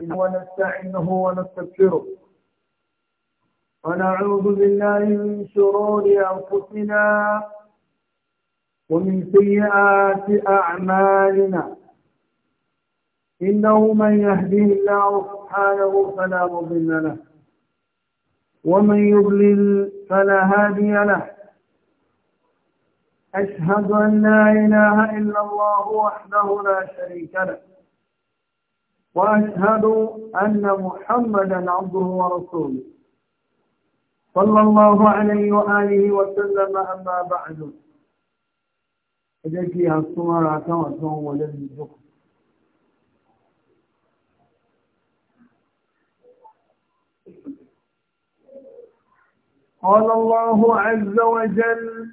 ونستعينه ونستغفره ونعوذ بالله من شرور أنفسنا ومن سيئات أعمالنا إنه من يهديه الله سبحانه فلا مضل له ومن يضلل فلا هادي له أشهد أن لا إله إلا الله وحده لا شريك له وأشهد أن محمدا عبده ورسوله صلى الله عليه وآله وسلم أما بعد إذا الصمر كما تنوى ولد الزكر قال الله عز وجل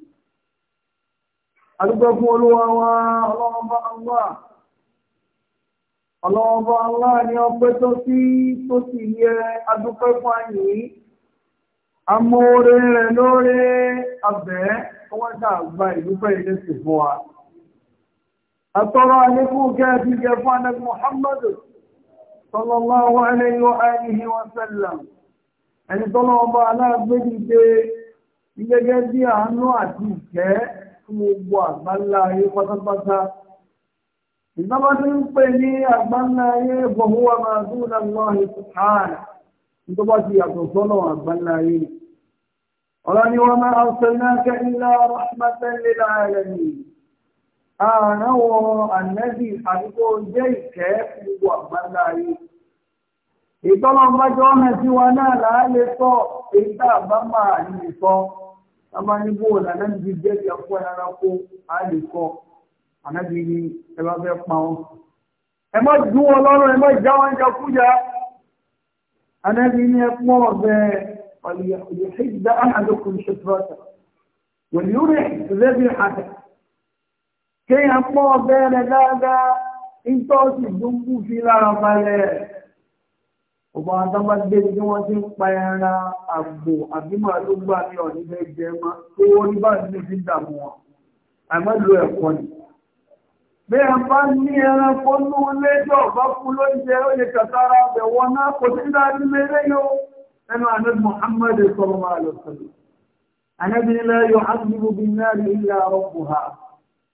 adúgbẹ́kún olúwa wa ọlọ́ọ̀bá Allah ọlọ́ọ̀bá Allah ni ọpẹ́ tó sí tó sì yẹ adúgbẹ́kún àyè amóore rẹ̀ lóore abẹ́ gba ilé sì fún wa àtọ́rọ àlékún kẹ́ẹ̀bí jẹ fún Muhammadu sallallahu alayhi wa ẹni tọ́lọ́ọ̀bá dìde gẹ́gẹ́ bí àánú àti fún gbogbo àgbáńlá ayé pátápátá ìjọba tí ń pè ní àgbáńlá ayé bọ̀húwà máa dúró lọ́wọ́ ìsìkáàlà nítorí wọ́n ti yàtọ̀ sọ́nà àgbáńlá ayé ni ọ̀rọ̀ ni wọ́n máa ń náà kẹ́ ilá rahmatan sábà ní bó wọlé anábìbí jẹ́ ìyá fún ẹ̀rọ kó a lè kọ́ anábìbí ẹ bá fẹ́ pa wọn. ẹ má dùn wọn lọ́rùn ẹ má já wọn jẹ kújà anábìbí ẹ pọ́n ọ̀bẹ ọ̀lẹ́yẹ̀dá àdókùn ṣètúrọ̀tà wọ̀lẹ́yẹ̀ rẹ́bí àtẹ. kéèyàn pọ́n ọ̀bẹ rẹ̀ dáadáa ń tọ́ sí dùnkù fi lára balẹ̀ ọba àtàbà gbé tí wọ́n ti ń pa ẹran àgbò àbí màálù gbà ní ọ̀nì ẹgbẹ́ ma tó wọ́n ní bá ní ti dààmú wọn àmọ́lò ẹ̀kọ́ ni. bí ẹ bá ní ẹran kó ní lẹ́jọ́ ọba fún lóúnjẹ ó lè kàtàrà ọbẹ̀ wọn náà kò sí dáadé mẹ́rẹ́ yóò ẹnu àná Muhammad sallallahu alaihi wasallam. ànábìnrin yóò ágbìbù bí náà rí ilà ọkùn ha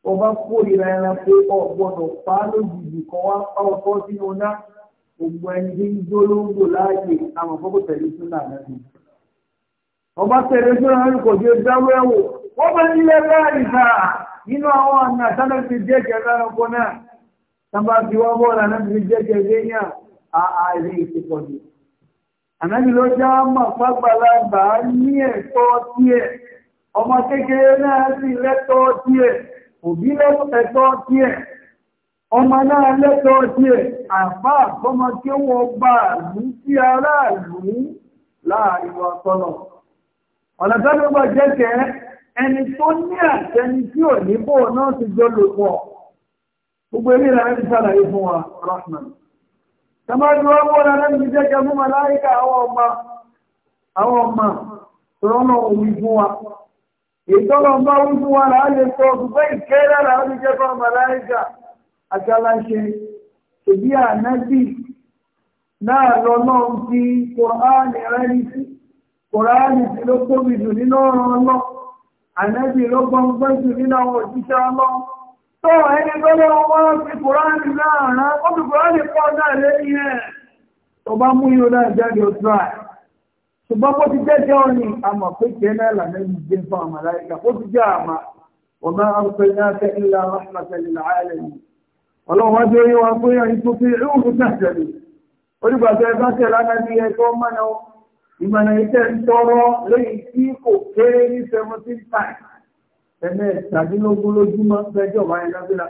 ọba kó ìrẹ̀rẹ̀ pé ọ̀gbọ́dọ̀ gbogbo ẹni tí ń gbólóńgbò láàyè àwọn àkókò tẹ̀lé súnà lẹ́nu. ọba tẹ̀lé súnà lẹ́nu kò jẹ́ dáwọ́ ẹ̀wò wọ́n bá nílẹ̀ láàrin ta nínú àwọn àna àtàlẹ́ ti jẹ́ kẹta ẹranko náà sábà fi wọ́n bọ́ ọ̀la náà ti jẹ́ kẹta ẹ̀yà ààrẹ ìṣèpọ̀ jù. ànábì ló já mà fàgbàlagbà ní ẹ̀tọ́ tiẹ̀ ọmọ kékeré náà sì lẹ́tọ́ tiẹ̀ òbí lẹ́tọ́ tiẹ̀ ọmọ náà lẹ́tọ̀ọ́ sí ẹ̀ àbá àtọ́mọ tí wọ́n bá lú sí aráàlú láàrin ọ̀tọ́nà ọ̀nà tó gbogbo jẹ́ kẹ́ ẹni tó ní àtẹni tí ò ní bò náà ti jọ lò pọ̀ gbogbo eré ìlànà ti ṣàlàyé fún wa rahman tẹmọ́jú ọwọ́ ọ̀nà náà ti jẹ́ kẹ́ fún màláìka àwọn ọmọ àwọn ọmọ tó rọ́nà òwì fún wa ètò ọmọ wí fún wa làá lè sọ ọ̀gbẹ́ ìkẹ́rẹ́ làá lè jẹ́ fún màláìka àjálàṣe tòbí ànábì náà lọ́lọ́run tí kòránì rẹ́ni sí kòránì tí ló tóbi jù nínú ọ̀rọ̀ ọlọ́ ànábì ló gbọ́ngbọ́n jù nínú àwọn òjíṣẹ́ ọlọ́ tó ẹni lọ́lọ́ wọ́n fi kòránì náà ó fi kòránì pọ̀ náà ẹ̀ tó bá mú yóò náà jáde ṣùgbọ́n bó ti pé ọlọ́wọ́ jẹ́ yíò wá pé ìtò fi ìrùn tàṣẹ̀lú orígbàtọ̀ ẹgbàtẹ̀ lánà ní ẹjọ́ mọ́nà ìmọ̀nà iṣẹ́ ń tọrọ lẹ́yìn tí kò kéré ní 17 times ẹ̀mẹ́ tàbílógún lójúmọ́ fẹjọ́ báyìí lábílá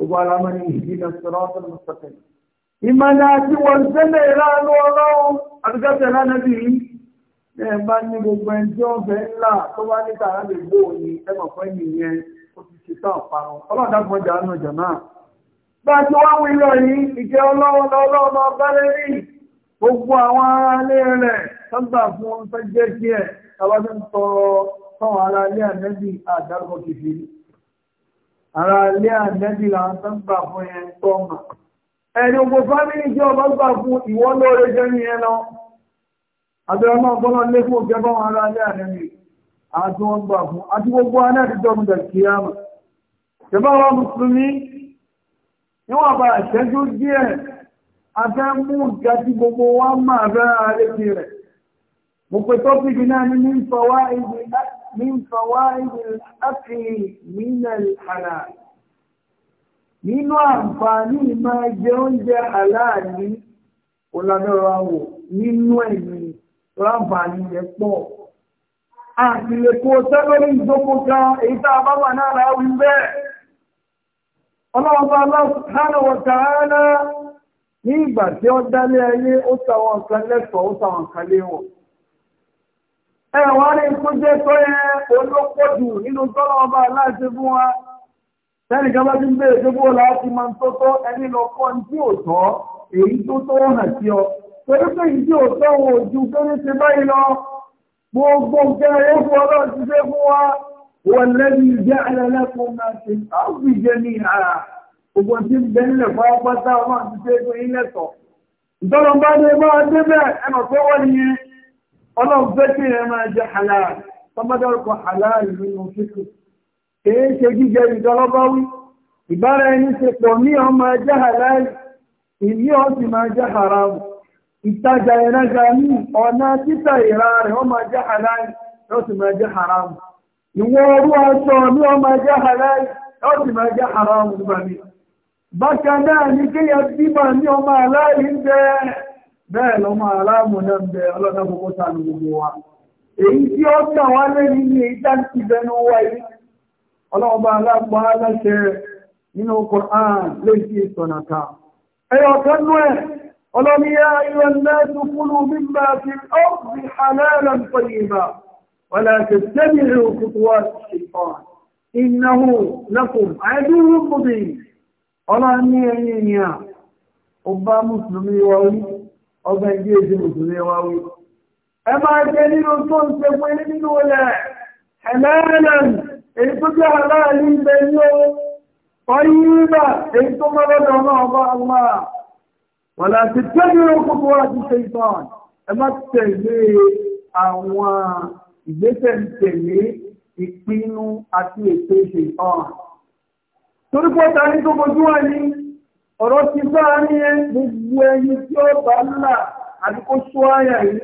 ogun alamọ́ ní ìdílé sọ́rọ́tún mọ́sọ̀tẹ̀ ìmọ̀nà àti wọ́n sẹ́lẹ̀ ìlànà ọlọ́run àdúgbàtẹ̀ lánà bí i ẹ̀ bá ní gbogbo ẹjọ́ ọ̀fẹ́ ńlá tó bá ní tàrà bá ti wá wí lọ yìí ìjẹ́ ọlọ́wọ́lọ́wọ́ bẹ́rẹ̀ rí gbogbo àwọn alẹ́ rẹ̀ sọ́gbà fún wọn fẹ́ jẹ́ kí ẹ̀ tàbátí ń tọrọ fáwọn ará alẹ́ ànẹ́bì àdárúkọ kìfìrí ará alẹ́ ànẹ́bì là ń sọ́gbà fún yẹn tọ́mà ẹni ogun fámìlì jẹ́ ọba gbà fún ìwọ́ lóore jẹ́ ní yẹn lọ àbẹ̀rẹ̀ náà bọ́lá lé fún òjẹ́ bá wọn ará alẹ́ ànẹ́bì àti wọn gbà fún àti gbogbo anáàdìjọ́ mi dẹ̀ kíyàmà ṣẹ̀bá wa mùsùlùmí níwọ̀n bá ìṣẹ́jú díẹ̀ afẹ́ mú ìgbà tí gbogbo wa máa bẹ́ra àrẹ́kì rẹ̀ mo pe tọ́pìkì náà ní mímfọwá ibi láti nílẹ̀ àrà nínú àǹfààní ìmọ̀ ẹgbẹ́ oúnjẹ aláàní olámẹ́rọ àwò nínú ẹ̀yìn ráǹfààní rẹ̀ pọ̀ àti lè kó sẹ́lórí ìjókòó èyí tá a bá wà náà láwùí bẹ́ẹ̀ ọlọ́ọ̀bá aláṣùhánà wọ̀tàánà ní ìgbà tí ó dálé ayé ó sàwọn nǹkan lẹ́tọ̀ọ́ ó sàwọn nǹkan léwọ̀ ẹ̀wọ̀n rí kó jẹ́ tó yẹ olókòjù nínú tọ́lọ́ọ̀bá aláṣẹ fún wa sẹ́ni kan bá ti ń bèèrè tó bó láti máa ń tó tó ẹni lọ kọ́ ní tí ò tọ́ èyí tó tó hàn sí ọ torí pé ìdí ò tọ́ wọn ò ju tó ní ti báyìí lọ gbogbo nǹkan ẹ̀yẹ́ fún ọlọ́ọ̀ ti ṣe fún wa هو الذي جعل لكم ما في الأرض جميعا gbogbo tí ń bẹ́lẹ̀ fọ́ pátá ọmọ àti tí ó ilẹ̀ tọ̀. ìtọ́lọ bá dé bá dé bẹ́ẹ̀ ẹnà tó wọ́n ní yẹn ọlọ́run fẹ́ kí ẹ máa jẹ halal tọ́mọdọ́rọ̀kọ̀ halal nínú fíkù kìí ṣe jíjẹ ìtọ́lọ bá wí ìbára ẹni ṣe pọ̀ ní ọ máa jẹ halal ìní ọ sì máa jẹ haram ìtajà ìrajà ní ọ̀nà títà ìra rẹ̀ ọ máa jẹ halal ó sì máa jẹ haram. ìwọ orú aṣọ ní ọmọ ẹjẹ́ halal ọdí ma jẹ́ haramun bá ní bákan náà ní kí yẹ bíbà ní ọmọ aláàrí ń bẹ́ẹ̀ lọ́mọ aláàmù náà ń bẹ gbogbo wa èyí tí ó tàn wá lẹ́ni ní èyí ti bẹnu wá yìí aláàpọ̀ ولا تتبعوا خطوات الشيطان إنه لكم عدو مبين ọlọ́run ní ẹ̀yìn ènìyàn ọba mùsùlùmí wa wí ọba ìdí èdè mùsùlùmí wa wí ẹ máa jẹ nínú tó ń ṣe pé nínú ilẹ̀ ẹ̀lẹ́rìn èyí tó jẹ́ aláàlú ibẹ̀ ní o ọyíbà èyí tó mọ́ lọ́dọ̀ náà ọba ọba wọ́n láti tẹ́lẹ̀ òkùnkùn àti ṣe ìtàn ẹ má tẹ̀lé àwọn ìgbésẹ̀ ń tẹ̀lé ìpinnu àti ètò ìṣèǹkan torí pé ọ̀tá ní tó bojú wà ní ọ̀rọ̀ ti sáà ní ẹ gbogbo ẹni tí ó bá ńlá àti kó sọ àyà yìí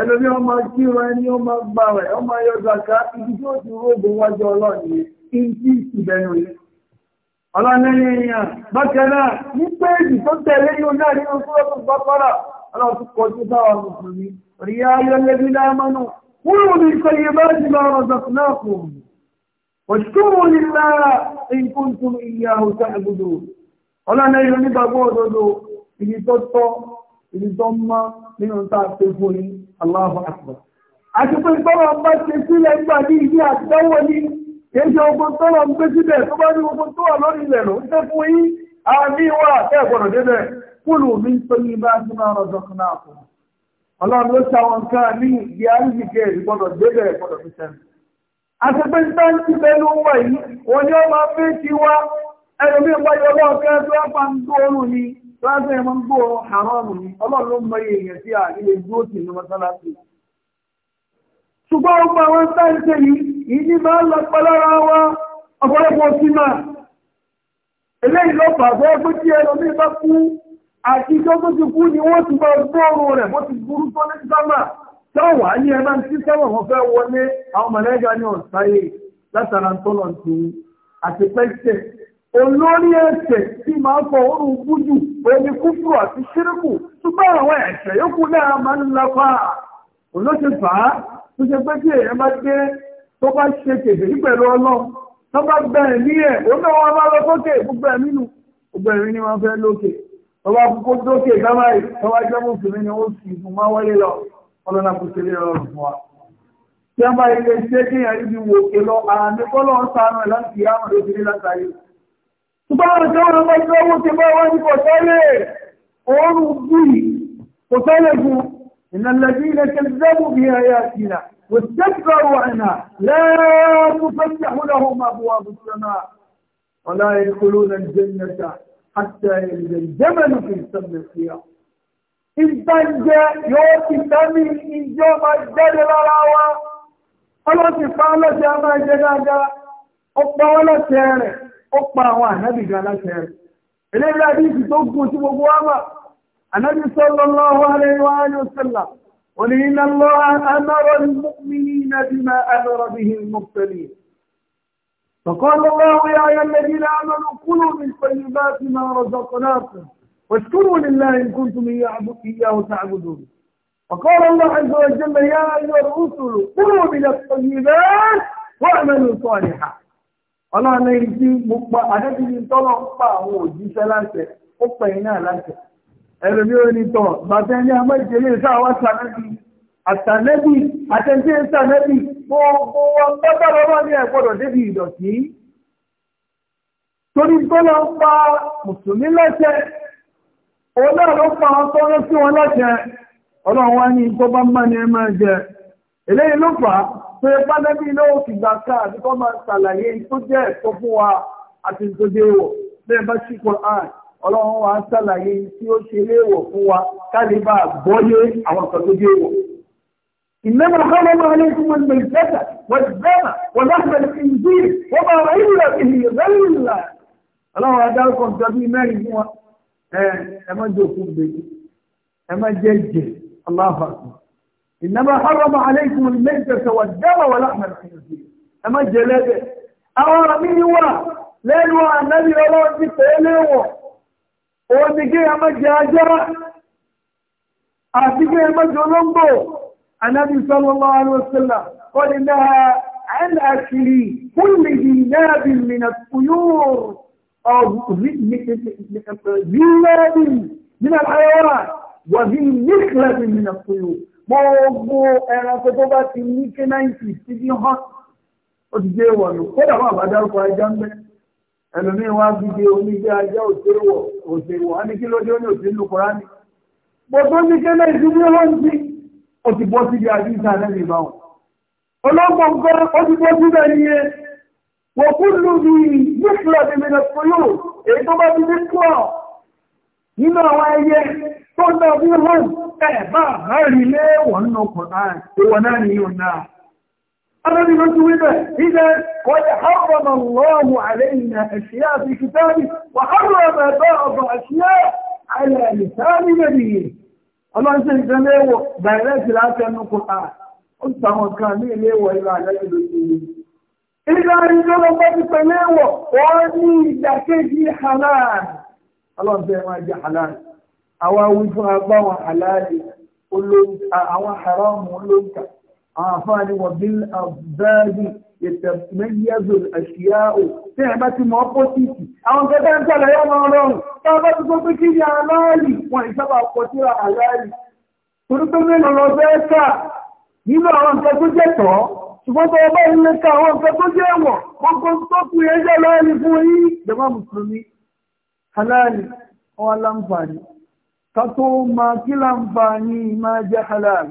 ẹlòmí ọmọ jíro ẹni ọmọ gbà rẹ̀ ọmọ ayọ́dọ̀ àká ibi tí ó ti rógbò wájú ọlọ́ọ̀ni ìdí ìbẹ̀nu yìí ọlọ́ọ̀lẹ́yìn èèyàn bákan náà ní péèjì tó tẹ̀lé yóò náà nínú fúrọ́tù gbọ́pọ́rọ̀ ọlọ́ọ̀tún kọjú báwọn mùsùlùmí rí ayọ́lẹ́bí lámánù كلوا من طيبات ما رزقناكم واشكروا لله إن كنتم إياه تعبدون ọlọ́run ẹ̀yọ́ a ṣe fún yín Allahu Akbar. àti pé tọ́lọ̀ ń bá ṣe sílẹ̀ nígbà ní ìdí àtẹ́wọ́ ní èyí ogun tọ́lọ̀ ń gbé síbẹ̀ tó bá ní ogun ọlọ́run ló ṣàwọn nǹkan ní ìgbé àríjìkẹ́ ìgbọ́dọ̀ débẹ̀ ìgbọ́dọ̀ fi sẹ́nu. àṣepé táǹkì bẹ́ẹ̀ ló ń wà yìí wọ́n ní ọmọ fẹ́ ti wá ẹnu bí wáyé ọlọ́run kẹ́ tó wá ń gbóòórùn ni tó wá fẹ́ máa ń gbóòórùn haram ni ọlọ́run ló mọ èèyàn sí àìlè dúró sí ní mọ́sálásí. ṣùgbọ́n ọgbà àwọn táǹkì yìí ìdí máa ń lọ pẹ́lára wa ọ̀pọ̀lọpọ̀ sí máa eléyìí ló fà àti ìjọ tó ti kú ni wọ́n ti bá gbọ́rùn rẹ̀ bó ti burú tó ní sámà tọ́wà ní ẹ̀mà tí sámà wọ́n fẹ́ wọlé àwọn mọ̀lẹ́gà ní ọ̀sáyé látara ń tọ́lọ̀ tó àti pẹ́sẹ̀ olórí ẹ̀ṣẹ̀ tí máa fọ orun gúdù omi kúfù àti ṣírìkù ṣùgbọ́n àwọn ẹ̀ṣẹ̀ yókù náà máa ń lapa olóṣè fà á tó ṣe pé tí èèyàn bá dé tó bá ṣe kèdè pẹ̀lú ọlọ́run tó bá gbẹ̀mí ẹ̀ òun náà wọn bá lọ sókè gbogbo ẹ̀mí nù gbogbo ẹ̀mí ni wọ́n fẹ́ lókè tọba kúkú dókè sábàì tọba jẹ́ mùsùlùmí ni ó sì fún máa wọlé lọ ọlọ́nà kò ṣe lè rọrùn fún wa tí a bá ilé ṣé kí èèyàn ibi wò ké lọ àmì kọ́lọ̀ ń sànù ẹ̀ láti ìyá àwọn òṣèré látàrí ṣùgbọ́n àwọn tí wọ́n máa ń gbé owó ti bá wọn ní kò sọ́lé òórùn bù kò sọ́lé bù ìnàlẹ́bí ilẹ̀ kẹsìdẹ́bù bí ayé àtìlà kò sẹ́kọ̀ọ́ àná lẹ́ẹ̀kú fẹ́ حتى يلقى الجمل في سم الخيام إنسان جاء يوتي سامي إنجو ما جاري لراوا الله سبحانه جامع جنادا أبا ولا سير هو نبي جانا سير إليه الحديث توقف سبب النبي صلى الله عليه وآله وسلم ولئن الله أمر المؤمنين بما أمر به المبتلين فقال الله يا أيها الذين آمنوا كلوا من طيبات ما رزقناكم واشكروا لله إن كنتم إياه تعبدون وقال الله عز وجل يا أيها الرسل كلوا من الطيبات واعملوا صالحا أنا ní tí أنا pa àdébìnrin tọ́lọ̀ ń pa àwọn òjíṣẹ́ láṣẹ انا pẹ̀yìn náà láṣẹ ẹ̀rọ bí ó ní tọ̀ àtànẹ́bì àtẹ́ntí ìsànẹ́bì gbogbo ọgbọ́gbọ́gbọ́ ní ẹ̀gbọ́dọ̀ débi ìdọ̀tí torí gbọ́nà ń pa mùsùlùmí lẹ́sẹ̀ olóòrò pa ọkọ́rọ́ sí wọn lẹ́sẹ̀ ọlọ́wọ́ ní tó bá mọ́ ní ẹmọ́ jẹ eléyìí ló fà tó yẹ pánẹ́bì ló ti gbà wa àti tó dé wọ̀ bẹ́ẹ̀ bá ṣí Qur'an ọlọ́wọ́ wa ṣàlàyé tí ó ṣe léèwọ̀ fún إنما حرم عليكم الميتة والدم ولحم الخنزير وما أهل به غير الله أداركم تبي مالي هو أما جوكم به أما جلجل الله أكبر إنما حرم عليكم الميتة والدم ولحم الخنزير أما جلبه أو مين هو لأن هو النبي الله بيتقلقه هو بيجي أما جاجرة أتيجي أما جلومبو النبي صلى الله عليه وسلم قال إنها عن أكل كل ذي من الطيور أو ذي ناب من الحيوان وذي نخلة من الطيور gbogbo ẹranko tó bá ti ní k ninety ti ní hàn ó ti jẹ́ ìwọ̀nù kódà wọn àbá dárúkọ ajá ń bẹ́ ẹlòmíín wá gidi oníjẹ ajá òṣèrèwọ̀ òṣèrèwọ̀ á ní kí ló ó ní òṣèlú kọ́ra ni gbogbo ní k ninety ní hàn sí i ó ti bọ́ síbi àdínsà lẹ́yìn ìbáwọn ọlọ́gbọ̀n gan ó ti bọ́ síbẹ̀ ní ẹ wọ́n kú lù ní yíkìlọ̀ ìmìnà pẹ̀lú èyí tó bá ti ní kúọ̀ nínú àwọn ẹyẹ tó ń dà bí hàn ẹ̀ bá lé wọ́n nù kọ̀ náà ìwọ̀n náà ní ìwọ̀n náà أنا بمسويبة إذا قد حرم الله علينا أشياء في كتابه وحرم بعض أشياء على لسان نبيه ọlọ́run sì ń tẹ́ léèwọ̀ dàírẹ́tì látẹnu kò tà ó ti tàwọn kan ní iléèwọ̀ ìlú àlẹ́yìn lójú ni. ìlú àárín tó lọ bá ti tẹ léèwọ̀ wọ́n ní ìdàkejì halal ọlọ́run tẹ́ máa jẹ halal àwọn awí agbáwọn halal àwọn haramu olóńtà àfáàní wọ̀ bí abẹ́ẹ̀dì ìtẹ̀mẹ́yẹ́zò àṣìyá ò tí ẹ̀ bá ti mọ̀ ọ́pọ́sìtì àwọn kẹta ń tẹ̀lé yọ máa rọrùn tá a bá ti sọ pé kí ni aláàlì wọn ìsábà pọ̀ síra aláàlì torí pé mélòó lọ bẹ́ẹ̀ kà nínú àwọn nǹkan tó jẹ́ tọ́ ṣùgbọ́n tó ọba ilé ka àwọn nǹkan tó jẹ́ ẹ̀wọ̀n gbogbo tó kù yẹn jẹ́ aláàlì fún yín ìjọba mùsùlùmí aláàlì wọn láǹfààní ká tó máa kí láǹfààní máa jẹ́ aláàlì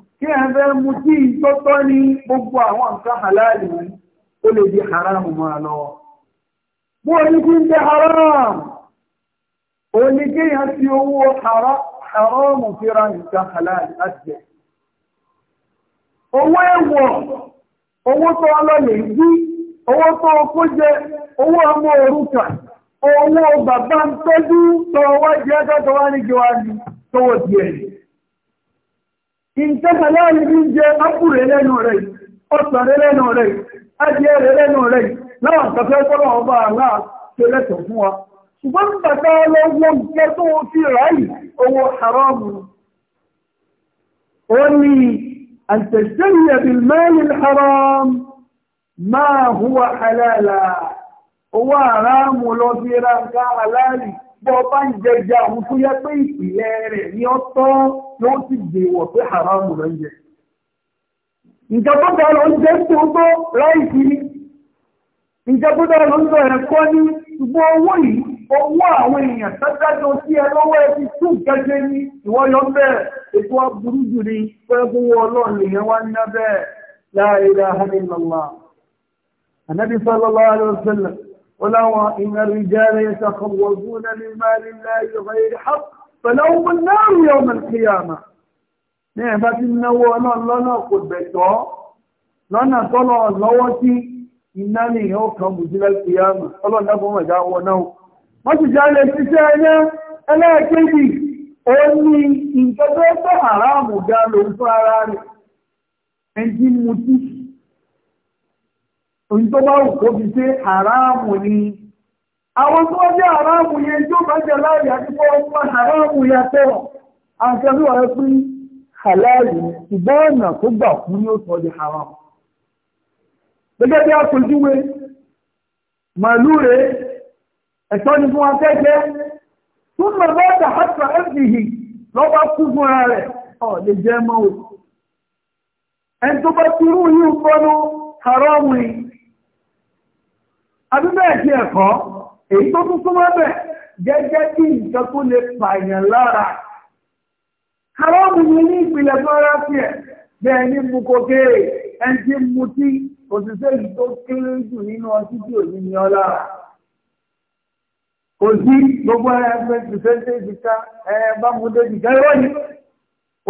kí ẹ fẹ́ mú tí ìtọ́tọ́ ní gbogbo àwọn nǹkan halali ó lè di haram máa lọ bó o ní kí ń jẹ o ní kí fi owó fi ra nǹkan halali láti owó owó tó ọlọ́lẹ̀ owó tó jẹ owó ọmọ owó bàbá ń tọ́jú jẹ́ ìtẹ́ta láàrin bí ń jẹ ápùrẹ̀ lẹ́nu rẹ̀ ọ̀sàrẹ̀ lẹ́nu rẹ̀ ajẹ́ rẹ̀ lẹ́nu rẹ̀ láwọn kàfẹ́ tọ́lọ̀ ọba àlá tó lẹ́tọ̀ fún wa ṣùgbọ́n bàtà lọ́wọ́ jẹ́ tó fi ráyì owó haramu ó ní àtẹ̀sẹ́yẹ̀ bí bọ́ bá ń jẹjẹ àwọn tó yẹ pé ìpìlẹ̀ rẹ̀ ni ó ti dèwọ̀ pé haramu ló ń jẹ. ìjọba tó lọ ń jẹ tó tó láìsí ìjọba tó lọ ń sọ ní gbogbo owó yìí owó àwọn èèyàn sí ẹ lọ́wọ́ ẹ ti tún gẹ́gẹ́ yọ bẹ́ẹ̀ jù ọlọ́run wá ní abẹ́ ولو إن الرجال يتخوفون لمال الله غير حق فلهم النار يوم القيامة نعمة الله لنا قدبتها لنا طلع اللوتي إنني كم جل القيامة الله نفهم جاء نو ما تجعل الإنسان ألا كذي أني إن كذبت حرام قالوا فراري أنت متسي òyìn tó bá wù kó fi ṣe àráàmù ni àwọn tó wọ́n jẹ́ àráàmù yẹn tí ó bá jẹ láàrin àdúgbò ọmọ àráàmù yàtọ̀ àǹkẹ́lú ọ̀rẹ́ pé halali ìgbọ́ ọ̀nà tó gbà fún ní ó sọ di haram gẹ́gẹ́ bí àpèjúwe màálù rẹ̀ ẹ̀tọ́ ni fún akẹ́kẹ́ tó mọ̀ bá tàhátà ẹ̀fìhì lọ́ba kú fúnra rẹ̀ ọ̀ lè jẹ́ mọ́ òkú ẹni tó bá turú yìí ń bọ́nú haramu yìí abíbẹ̀ẹ̀ tí ẹ̀kọ́ èyí tó tún súnmọ́ bẹ̀ gẹ́gẹ́ bí nǹkan tó lè pààyàn lára kárọ́ọ̀mù ni ní ìpìlẹ̀ tó rá sí ẹ̀ bẹ́ẹ̀ ní mu kókè ẹni tí mu tí òṣìṣẹ́ yìí tó kéré jù nínú ọtí tí ò ní ní ọ lára kò sí gbogbo ẹgbẹ́ ìṣẹ́ṣẹ́ ìṣìká ẹ bá mu débi kẹ́rọ́ ni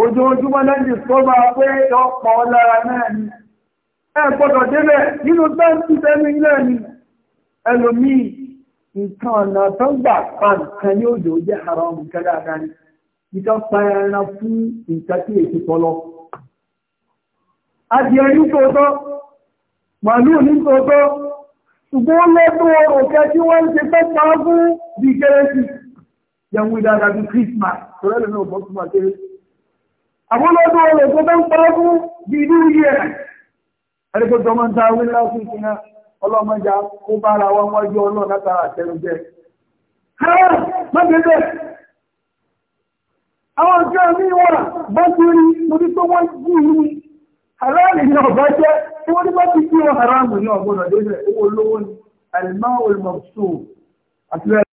ojoojúmọ́ lẹ́yìn tó bá pé ọ̀pọ̀ lára náà ni ẹ gbọ́dọ̀ débẹ̀ nínú tẹ́ǹtì tẹ́mi náà ẹlòmíì nǹkan ọ̀nà tó gbà pa nǹkan ní òjò jẹ́ ara ọmọ nǹkan dáadáa ni nǹkan pa ẹran fún nǹkan tí èsì tọ́lọ. adìẹ ní tòótọ́ màálù ní tòótọ́ ṣùgbọ́n ó lọ́dún ọ̀rọ̀ kẹ́ tí wọ́n ń ṣe fẹ́ pa fún bí kérésì yẹn wí dáadáa Christmas tó lẹ́nu náà bọ́ fún wa kéré. àwọn lọ́dún ọ̀rọ̀ tó fẹ́ pa fún bí New Year ẹni tó jọmọ́ ń ta wí láti ìpínlẹ̀ ọlọ́mọjà kó bára wọn wájú ọlọ́ látara àtẹnujẹ. mọ́tẹ́tẹ́ àwọn ọjọ́ mi wà bá ti rí mo ti tó wọ́n jù ú ni aláàlì ní ọ̀bá jẹ́ tí wọ́n ní bá ti kí wọn